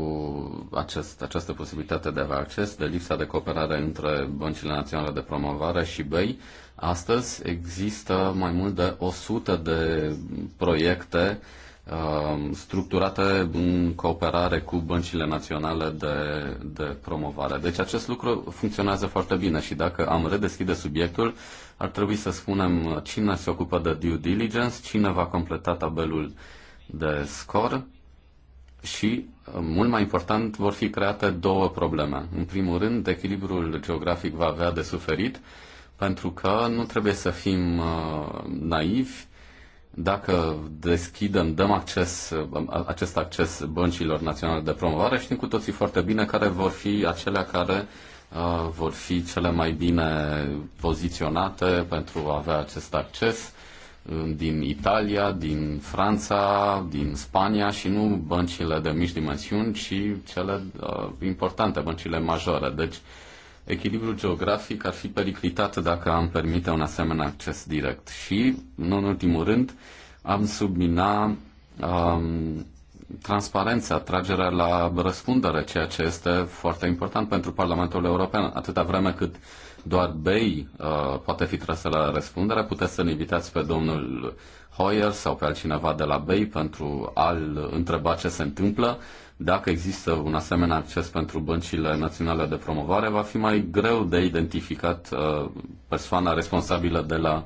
acest, această posibilitate de a avea acces, de lipsa de cooperare între băncile naționale de promovare și BEI. Astăzi există mai mult de 100 de proiecte uh, Um, structurate în cooperare cu băncile naționale de, de promovare. Deci acest lucru funcționează foarte bine și dacă am redeschide subiectul, ar trebui să spunem cine se ocupă de due diligence, cine va completa tabelul de scor și, uh, mult mai important, vor fi create două probleme. În primul rând, echilibrul geografic va avea de suferit, pentru că nu trebuie să fim uh, naivi, dacă deschidem, dăm acces, acest acces băncilor naționale de promovare, știm cu toții foarte bine care vor fi acelea care uh, vor fi cele mai bine poziționate pentru a avea acest acces uh, din Italia, din Franța, din Spania și nu băncile de mici dimensiuni, ci cele uh, importante, băncile majore. Deci, uh, echilibrul geografic ar fi periclitat dacă am permite un asemenea acces direct. Și, nu în ultimul rând, am submina um, transparența, atragerea la răspundere, ceea ce este foarte important pentru Parlamentul European, atâta vreme cât doar BEI uh, poate fi trasă la răspundere, puteți să ne invitați pe domnul Hoyer sau pe altcineva de la BEI pentru a-l întreba ce se întâmplă dacă există un asemenea acces pentru băncile naționale de promovare, va fi mai greu de identificat uh, persoana responsabilă de la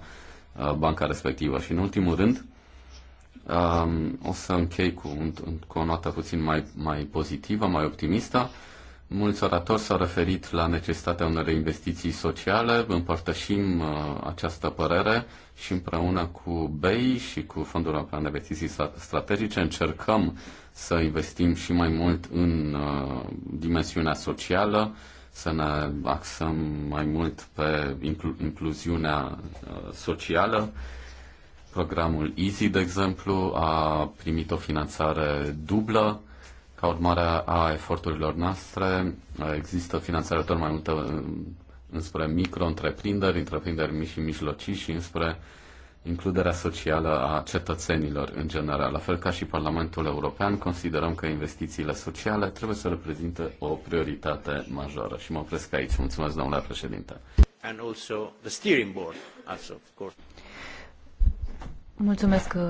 uh, banca respectivă. Și în ultimul rând, um, o să închei cu, cu o notă puțin mai, mai pozitivă, mai optimistă. Mulți oratori s-au referit la necesitatea unor investiții sociale, împărtășim uh, această părere și împreună cu BEI și cu Fondul European de Investiții Strategice încercăm să investim și mai mult în uh, dimensiunea socială, să ne axăm mai mult pe inclu- incluziunea uh, socială. Programul EASY, de exemplu, a primit o finanțare dublă ca urmare a eforturilor noastre, există finanțare tot mai multă uh, înspre micro-întreprinderi, întreprinderi mici și mijlocii și înspre includerea socială a cetățenilor în general. La fel ca și Parlamentul European, considerăm că investițiile sociale trebuie să reprezinte o prioritate majoră. Și mă opresc aici. Mulțumesc, domnule președinte. And also the steering board, also, of course. Mulțumesc uh,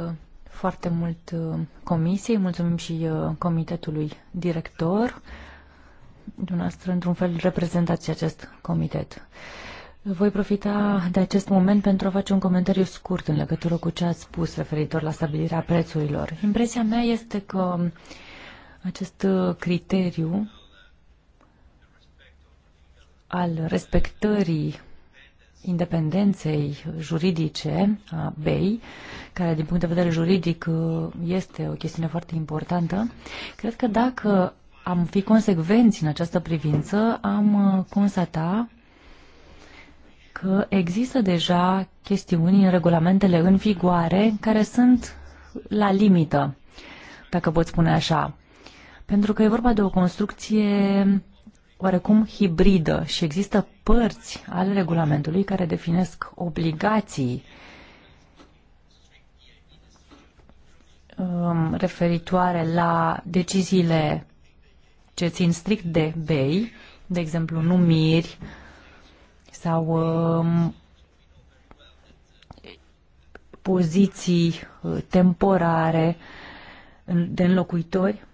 foarte mult uh, comisiei, mulțumim și uh, comitetului director. Dumneavoastră, într-un fel, reprezentați acest comitet. Voi profita de acest moment pentru a face un comentariu scurt în legătură cu ce ați spus referitor la stabilirea prețurilor. Impresia mea este că acest uh, criteriu al respectării independenței juridice a BEI, care din punct de vedere juridic este o chestiune foarte importantă, cred că dacă am fi consecvenți în această privință, am constata că există deja chestiuni în regulamentele în vigoare care sunt la limită, dacă pot spune așa. Pentru că e vorba de o construcție oarecum hibridă și există părți ale regulamentului care definesc obligații um, referitoare la deciziile ce țin strict de bei, de exemplu numiri sau um, poziții uh, temporare de înlocuitori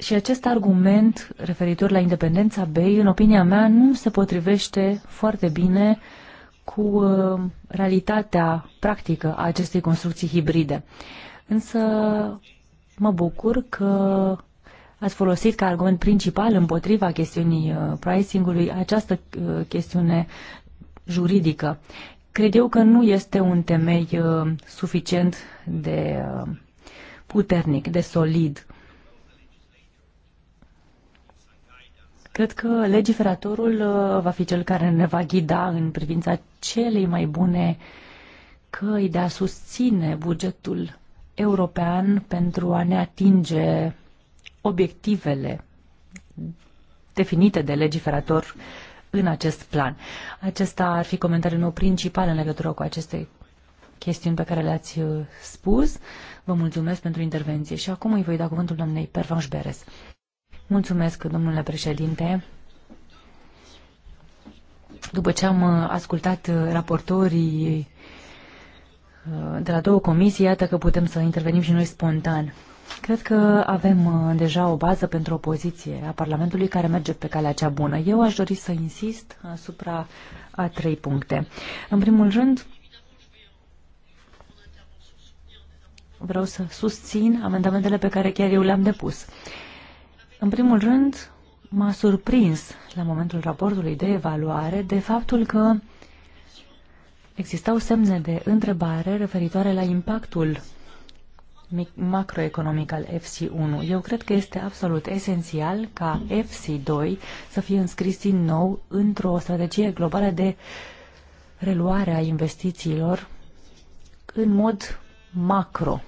și acest argument referitor la independența BEI, în opinia mea, nu se potrivește foarte bine cu uh, realitatea practică a acestei construcții hibride. Însă mă bucur că ați folosit ca argument principal împotriva chestiunii uh, pricing-ului această uh, chestiune juridică. Cred eu că nu este un temei uh, suficient de uh, puternic, de solid Cred că legiferatorul uh, va fi cel care ne va ghida în privința celei mai bune căi de a susține bugetul european pentru a ne atinge obiectivele definite de legiferator în acest plan. Acesta ar fi comentariul meu principal în legătură cu aceste chestiuni pe care le-ați uh, spus. Vă mulțumesc pentru intervenție și acum îi voi da cuvântul doamnei Pervanș Beres. Mulțumesc, domnule președinte. După ce am uh, ascultat uh, raportorii uh, de la două comisii, iată că putem să intervenim și noi spontan. Cred că avem deja o bază pentru o poziție a Parlamentului care merge pe calea cea bună. Eu aș dori să insist asupra a trei puncte. În primul rând, vreau să susțin amendamentele pe care chiar eu le-am depus. În primul rând, m-a surprins la momentul raportului de evaluare de faptul că existau semne de întrebare referitoare la impactul macroeconomic al FC1. Eu cred că este absolut esențial ca FC2 să fie înscris din nou într-o strategie globală de reluare a investițiilor în mod macro.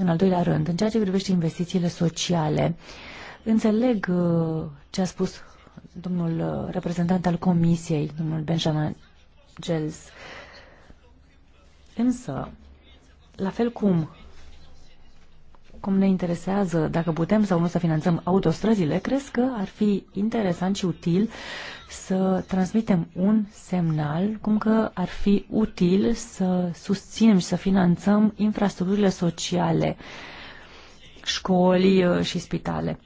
În al doilea rând, în ceea ce privește investițiile sociale, înțeleg uh, ce a spus domnul uh, reprezentant al Comisiei, domnul Benjamin Gels. Însă, la fel cum cum ne interesează dacă putem sau nu să finanțăm autostrăzile, cred că ar fi interesant și util să transmitem un semnal cum că ar fi util să susținem și să finanțăm infrastructurile sociale, școli uh, și spitale.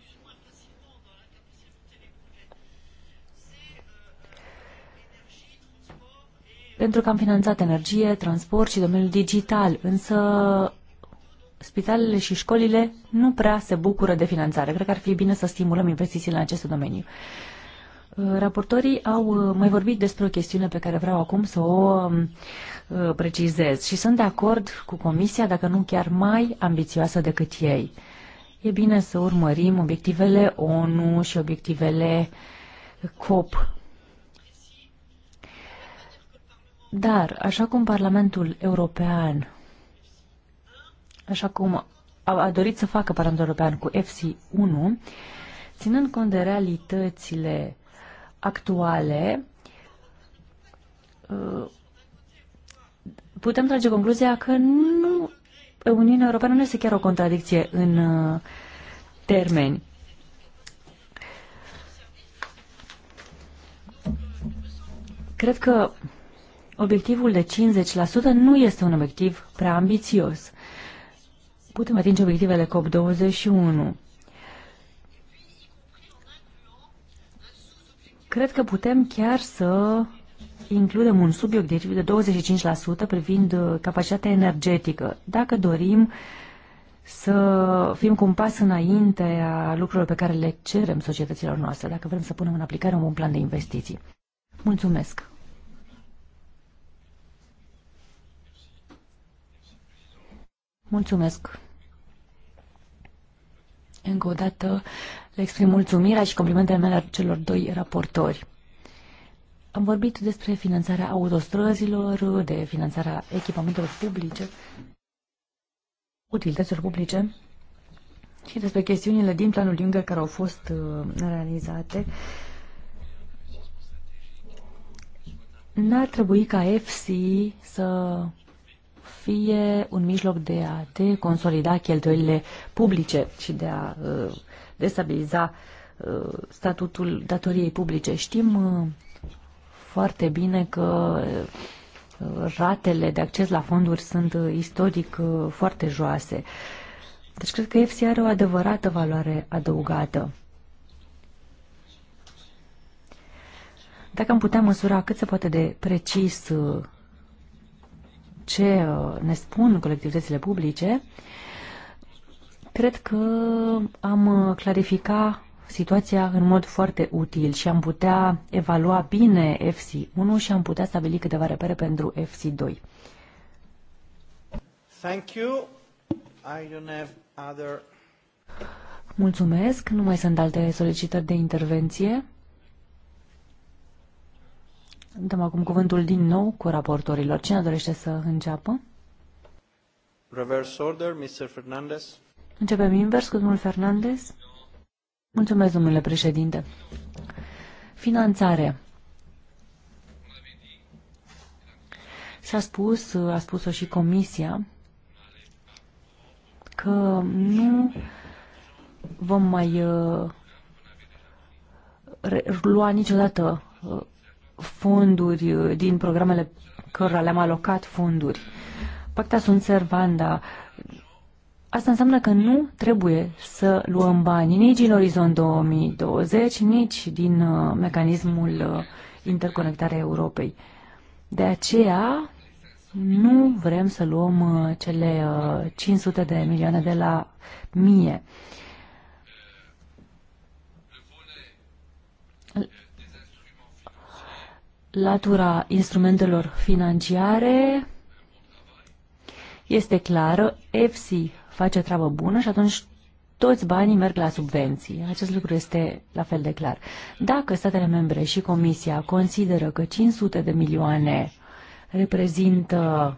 pentru că am finanțat energie, transport și domeniul digital, însă spitalele și școlile nu prea se bucură de finanțare. Cred că ar fi bine să stimulăm investițiile în acest domeniu. Uh, raportorii au uh, mai vorbit despre o chestiune pe care vreau acum să o um, uh, precizez și sunt de acord cu Comisia, dacă nu chiar mai ambițioasă decât ei. E bine să urmărim obiectivele ONU și obiectivele COP. Dar, așa cum Parlamentul European așa cum a, dorit să facă Parlamentul European cu FC1, ținând cont de realitățile actuale, uh, putem trage concluzia că nu, Uniunea Europeană nu este chiar o contradicție în uh, termeni. Cred că obiectivul de 50% nu este un obiectiv prea ambițios putem atinge obiectivele COP21. Cred că putem chiar să includem un subiectiv de 25% privind uh, capacitatea energetică, dacă dorim să fim cu un pas înainte a lucrurilor pe care le cerem societăților noastre, dacă vrem să punem în aplicare un bun plan de investiții. Mulțumesc! Mulțumesc. Încă o dată le exprim mulțumirea și complimentele mele celor doi raportori. Am vorbit despre finanțarea autostrăzilor, de finanțarea echipamentelor publice, utilităților publice și despre chestiunile din planul Juncker care au fost uh, realizate. N-ar trebui ca FC să fie un mijloc de a te consolida cheltuielile publice și de a uh, destabiliza uh, statutul datoriei publice. Știm uh, foarte bine că ratele de acces la fonduri sunt istoric foarte joase. Deci cred că EFSI are o adevărată valoare adăugată. Dacă am putea măsura cât se poate de precis ce uh, ne spun colectivitățile publice, cred că am uh, clarifica situația în mod foarte util și am putea evalua bine FC1 și am putea stabili câteva repere pentru FC2. Thank you. I don't have other... Mulțumesc. Nu mai sunt alte solicitări de intervenție. Dăm acum cuvântul din nou cu raportorilor. Cine dorește să înceapă? Reverse order, Mr. Fernandez. Începem invers cu domnul Fernandez. Mulțumesc, domnule președinte. Finanțare. S-a spus, a spus-o și comisia, că nu vom mai uh, lua niciodată uh, fonduri uh, din programele cărora le-am alocat fonduri. Pacta sunt servanda. Asta înseamnă că nu trebuie să luăm bani nici din Orizont 2020, nici din uh, mecanismul uh, interconectarea Europei. De aceea nu vrem să luăm cele 500 de milioane de la mie latura instrumentelor financiare este clară, EFSI face treabă bună și atunci toți banii merg la subvenții. Acest lucru este la fel de clar. Dacă statele membre și Comisia consideră că 500 de milioane reprezintă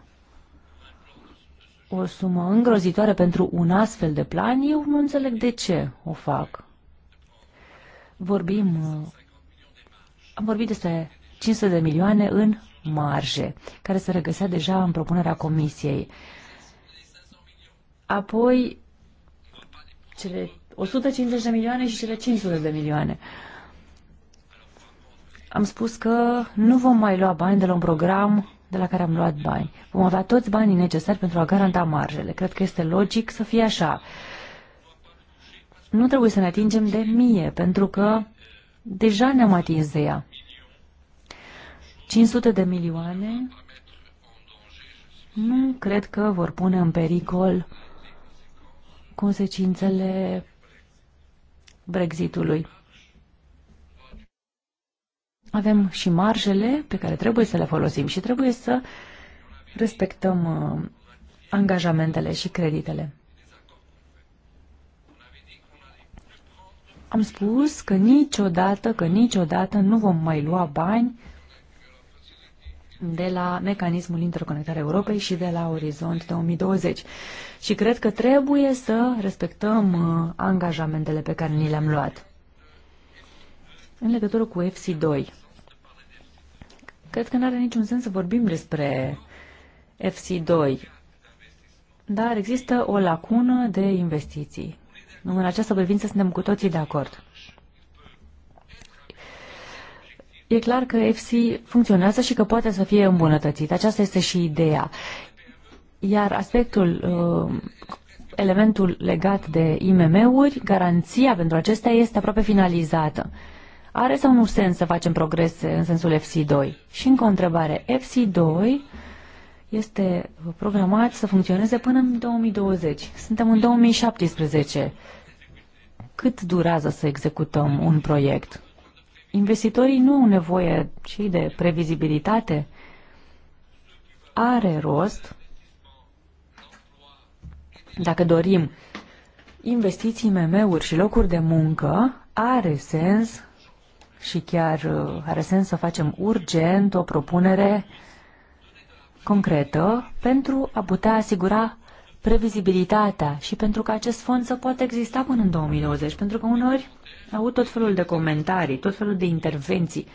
o sumă îngrozitoare pentru un astfel de plan, eu nu înțeleg de ce o fac. Vorbim, am vorbit despre 500 de milioane în marje, care se regăsea deja în propunerea comisiei. Apoi, cele 150 de milioane și cele 500 de milioane. Am spus că nu vom mai lua bani de la un program de la care am luat bani. Vom avea toți banii necesari pentru a garanta marjele. Cred că este logic să fie așa. Nu trebuie să ne atingem de mie, pentru că deja ne-am atins de ea. 500 de milioane nu cred că vor pune în pericol consecințele Brexitului. Avem și marjele pe care trebuie să le folosim și trebuie să respectăm uh, angajamentele și creditele. Am spus că niciodată, că niciodată nu vom mai lua bani de la mecanismul interconectare Europei și de la Orizont 2020. Și cred că trebuie să respectăm uh, angajamentele pe care ni le-am luat. În legătură cu FC2, cred că nu are niciun sens să vorbim despre FC2, dar există o lacună de investiții. În această privință suntem cu toții de acord. E clar că EFSI funcționează și că poate să fie îmbunătățit. Aceasta este și ideea. Iar aspectul, uh, elementul legat de IMM-uri, garanția pentru acestea este aproape finalizată. Are sau nu sens să facem progrese în sensul FC2? Și încă o întrebare. FC2 este programat să funcționeze până în 2020. Suntem în 2017. Cât durează să executăm un proiect? investitorii nu au nevoie și de previzibilitate. Are rost, dacă dorim investiții, MM-uri și locuri de muncă, are sens și chiar uh, are sens să facem urgent o propunere concretă pentru a putea asigura previzibilitatea și pentru că acest fond să poată exista până în 2020, pentru că uneori avut tot felul de comentarii, tot felul de intervenții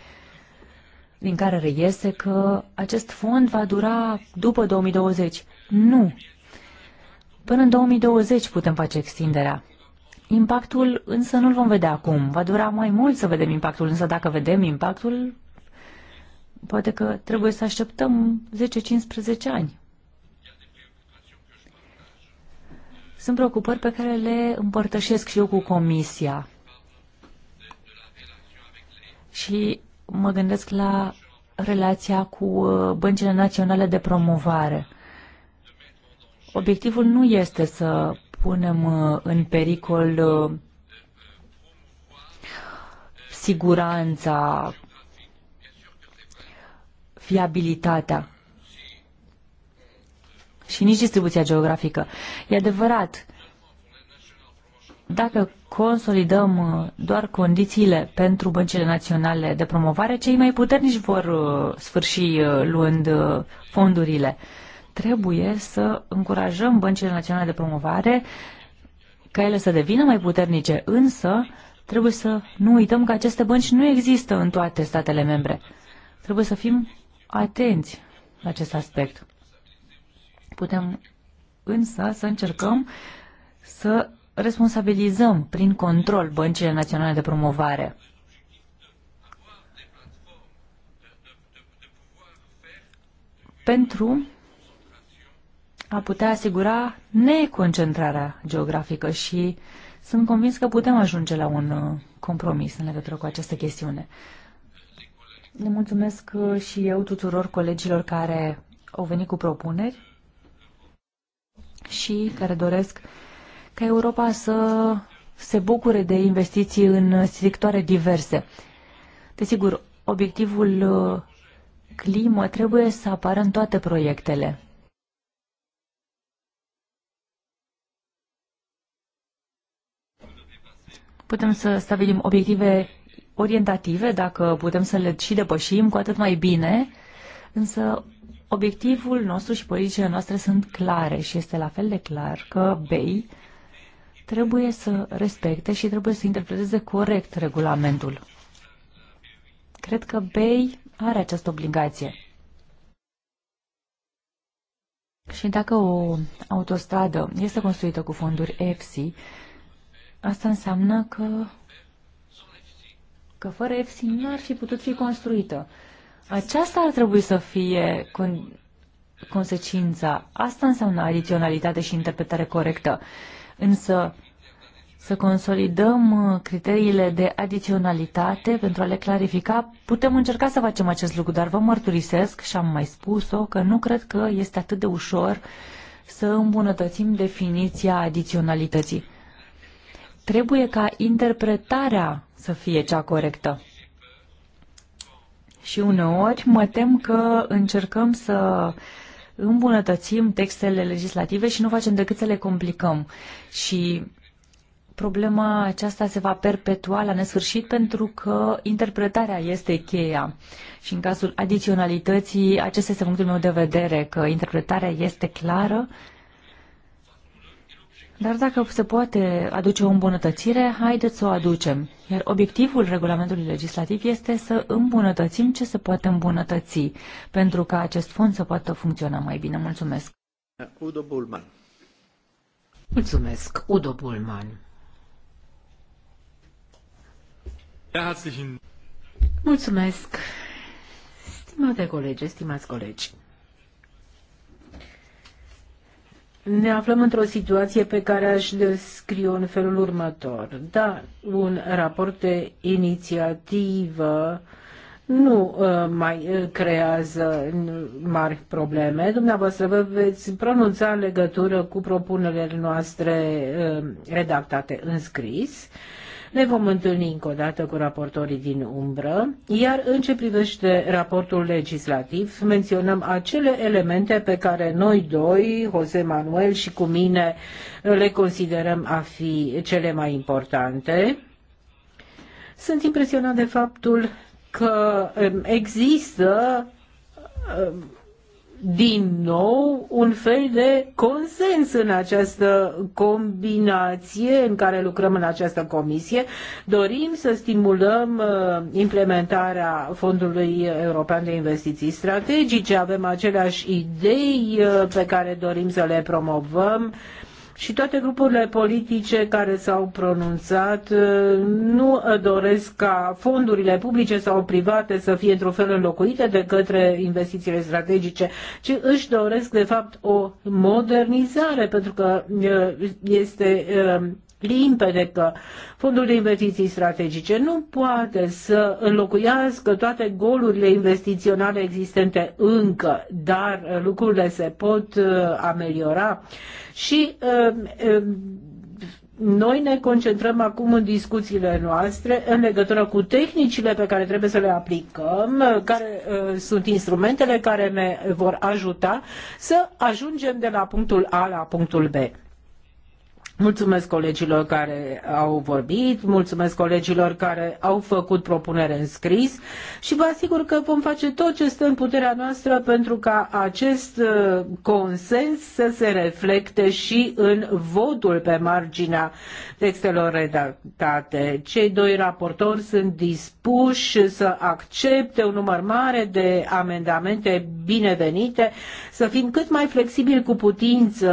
din care reiese că acest fond va dura după 2020. Nu! Până în 2020 putem face extinderea. Impactul însă nu-l vom vedea acum. Va dura mai mult să vedem impactul, însă dacă vedem impactul, poate că trebuie să așteptăm 10-15 ani. Sunt preocupări pe care le împărtășesc și eu cu Comisia și mă gândesc la relația cu uh, băncile naționale de promovare. Obiectivul nu este să punem uh, în pericol uh, siguranța, fiabilitatea și nici distribuția geografică. E adevărat dacă consolidăm uh, doar condițiile pentru băncile naționale de promovare, cei mai puternici vor uh, sfârși uh, luând fondurile. Trebuie să încurajăm băncile naționale de promovare ca ele să devină mai puternice, însă trebuie să nu uităm că aceste bănci nu există în toate statele membre. Trebuie să fim atenți la acest aspect. Putem însă să încercăm să responsabilizăm prin control băncile naționale de promovare. Pentru a putea asigura neconcentrarea geografică și sunt convins că putem ajunge la un uh, compromis în legătură cu această chestiune. Le mulțumesc uh, și eu tuturor colegilor care au venit cu propuneri și care doresc ca Europa să se bucure de investiții în sectoare diverse. Desigur, obiectivul uh, climă trebuie să apară în toate proiectele. Putem să stabilim obiective orientative, dacă putem să le și depășim, cu atât mai bine, însă obiectivul nostru și politicile noastre sunt clare și este la fel de clar că BEI trebuie să respecte și trebuie să interpreteze corect regulamentul. Cred că Bay are această obligație. Și dacă o autostradă este construită cu fonduri EFSI, asta înseamnă că, că fără EFSI nu ar fi putut fi construită. Aceasta ar trebui să fie con consecința. Asta înseamnă adiționalitate și interpretare corectă însă să consolidăm uh, criteriile de adiționalitate pentru a le clarifica. Putem încerca să facem acest lucru, dar vă mărturisesc și am mai spus-o că nu cred că este atât de ușor să îmbunătățim definiția adiționalității. Trebuie ca interpretarea să fie cea corectă. Și uneori mă tem că încercăm să uh, îmbunătățim textele legislative și nu facem decât să le complicăm. Și problema aceasta se va perpetua la nesfârșit pentru că interpretarea este cheia. Și în cazul adiționalității, acesta este punctul meu de vedere, că interpretarea este clară dar dacă se poate aduce o îmbunătățire, haideți să o aducem. Iar obiectivul regulamentului legislativ este să îmbunătățim ce se poate îmbunătăți, pentru ca acest fond să poată funcționa mai bine. Mulțumesc. Udo Bulman. Mulțumesc, Udo Bulman. Mulțumesc. Stimate colegi, stimați colegi. ne aflăm într-o situație pe care aș descriu în felul următor. Da, un raport de inițiativă nu uh, mai uh, creează mari probleme. Dumneavoastră vă veți pronunța în legătură cu propunerile noastre uh, redactate în scris. Uh, ne vom întâlni încă o dată cu raportorii din umbră, iar în ce privește raportul legislativ, menționăm acele elemente pe care noi doi, Jose Manuel și cu mine, le considerăm a fi cele mai importante. Sunt impresionat de faptul că um, există um, din nou un fel de consens în această combinație în care lucrăm în această comisie. Dorim să stimulăm uh, implementarea Fondului European de Investiții Strategice, avem aceleași idei uh, pe care dorim să le promovăm și toate grupurile politice care s-au pronunțat uh, nu uh, doresc ca fondurile publice sau private să fie într-un fel înlocuite de către investițiile strategice, ci își doresc de fapt o modernizare, pentru că uh, este limpede că fondul de investiții strategice nu poate să înlocuiască toate golurile investiționale existente încă, dar uh, lucrurile se pot uh, ameliora și uh, noi ne concentrăm acum în discuțiile noastre în legătură cu tehnicile pe care trebuie să le aplicăm, care uh, sunt instrumentele care ne vor ajuta să ajungem de la punctul A la punctul B. Mulțumesc colegilor care au vorbit, mulțumesc colegilor care au făcut propunere în scris și vă asigur că vom face tot ce stă în puterea noastră pentru ca acest uh, consens să se reflecte și în votul pe marginea textelor redactate. Cei doi raportori sunt dispuși să accepte un număr mare de amendamente binevenite, să fim cât mai flexibili cu putință,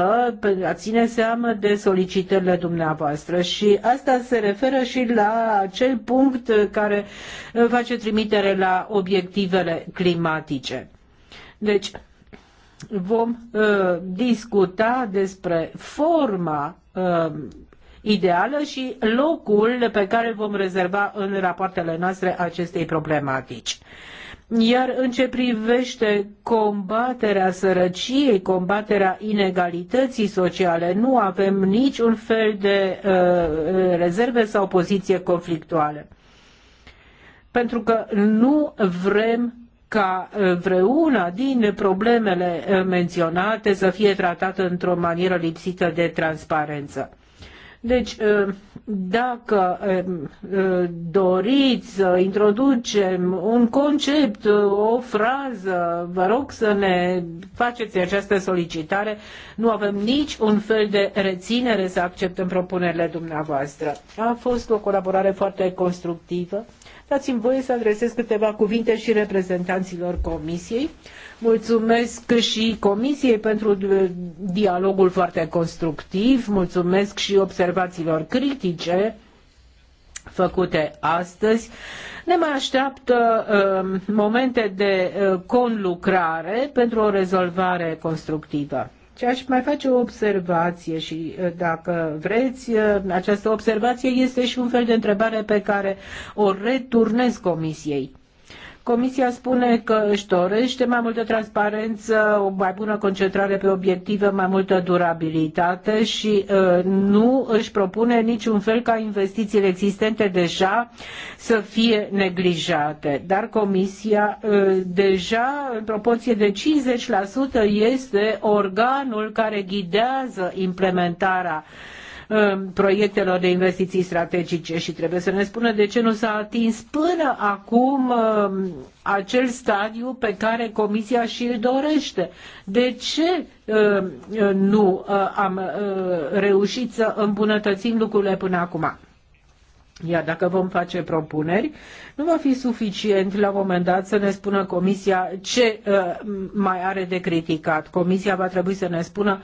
a ține seamă de solicitări solicitările dumneavoastră și asta se referă și la acel punct care face trimitere la obiectivele climatice. Deci, vom uh, discuta despre forma uh, ideală și locul pe care vom rezerva în rapoartele noastre acestei problematici. Uh, iar în ce privește combaterea sărăciei, combaterea inegalității sociale, nu avem niciun fel de uh, rezerve sau poziție conflictuală. Pentru că nu vrem ca uh, vreuna din problemele uh, menționate să fie tratată într-o manieră lipsită de transparență. Deci, ă, dacă ă, ă, doriți să introducem un concept, o frază, vă rog să ne faceți această solicitare. Nu avem nici un fel de reținere să acceptăm propunerile dumneavoastră. A fost o colaborare foarte constructivă. Dați-mi voie să adresez câteva cuvinte și reprezentanților Comisiei. Mulțumesc și Comisiei pentru uh, dialogul foarte constructiv, mulțumesc și observațiilor critice făcute astăzi. Ne mai așteaptă uh, momente de uh, conlucrare pentru o rezolvare constructivă. Și aș mai face o observație și uh, dacă vreți, uh, această observație este și un fel de întrebare pe care o returnez comisiei. Comisia spune că își dorește mai multă transparență, o mai bună concentrare pe obiective, mai multă durabilitate și uh, nu își propune niciun fel ca investițiile existente deja să fie neglijate. Dar Comisia uh, deja, în proporție de 50%, este organul care ghidează implementarea uh, Um, proiectelor de investiții strategice și trebuie să ne spună de ce nu s-a atins până acum um, acel stadiu pe care Comisia și îl dorește. De ce um, nu uh, am uh, reușit să îmbunătățim lucrurile până acum? Iar dacă vom face propuneri, nu va fi suficient la un moment dat să ne spună Comisia ce uh, mai are de criticat. Comisia va trebui să ne spună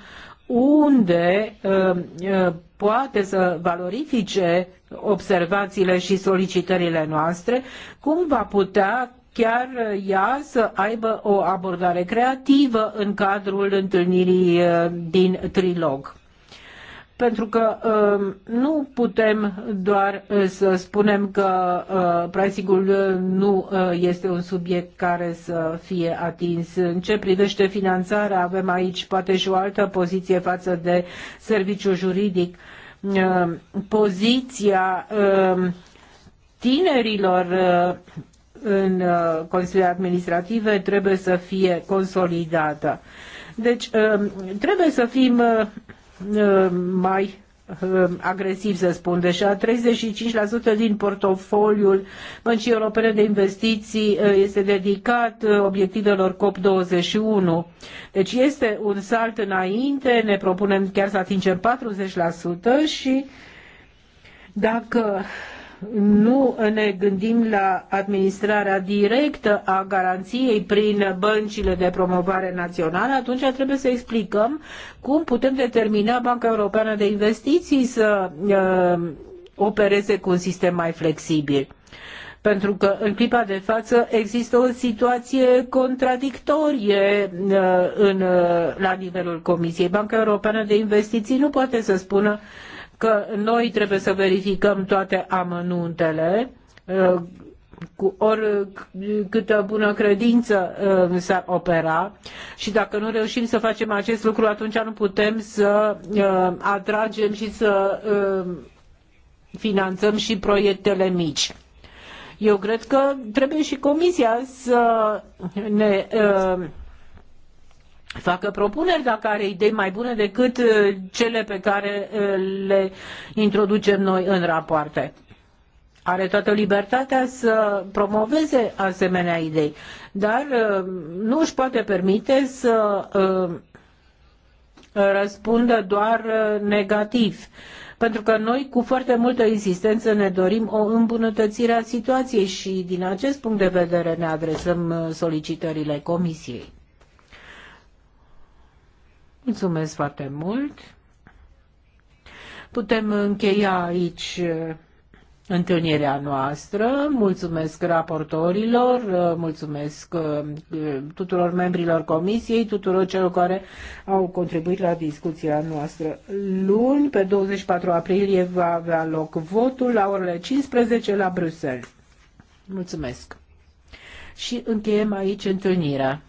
unde uh, uh, poate să valorifice observațiile și solicitările noastre, cum va putea chiar ea să aibă o abordare creativă în cadrul întâlnirii uh, din trilog pentru că um, nu putem doar uh, să spunem că uh, pricing-ul uh, nu este un subiect care să fie atins. În ce privește finanțarea, avem aici poate și o altă poziție față de serviciu juridic. Poziția um, tinerilor în consiliile administrative trebuie să fie consolidată. Deci um, trebuie să fim mai uh, agresiv, să spun. Deja 35% din portofoliul Băncii Europene de Investiții uh, este dedicat uh, obiectivelor COP21. Deci este un salt înainte, ne propunem chiar să atingem 40% și dacă nu ne gândim la administrarea directă a garanției prin băncile de promovare națională, atunci trebuie să explicăm cum putem determina Banca Europeană de Investiții să uh, opereze cu un sistem mai flexibil. Pentru că în clipa de față există o situație contradictorie uh, în, uh, la nivelul Comisiei. Banca Europeană de Investiții nu poate să spună uh, că noi trebuie să verificăm toate amănuntele uh, cu ori câtă bună credință uh, s-ar opera și dacă nu reușim să facem acest lucru, atunci nu putem să uh, atragem și să finanțăm și proiectele mici. Eu cred că trebuie și Comisia să ne uh, facă propuneri dacă are idei mai bune decât uh, cele pe care uh, le introducem noi în rapoarte. Are toată libertatea să promoveze asemenea idei, dar uh, nu își poate permite să răspundă doar negativ. Pentru că noi cu foarte multă insistență ne dorim o îmbunătățire a situației și din acest punct de vedere ne adresăm solicitările Comisiei. Mulțumesc foarte mult. Putem încheia aici uh, întâlnirea noastră. Mulțumesc raportorilor, uh, mulțumesc uh, tuturor membrilor comisiei, tuturor celor care au contribuit la discuția noastră. Luni, pe 24 aprilie, va avea loc votul la orele 15 la Bruxelles. Mulțumesc. Și încheiem aici întâlnirea.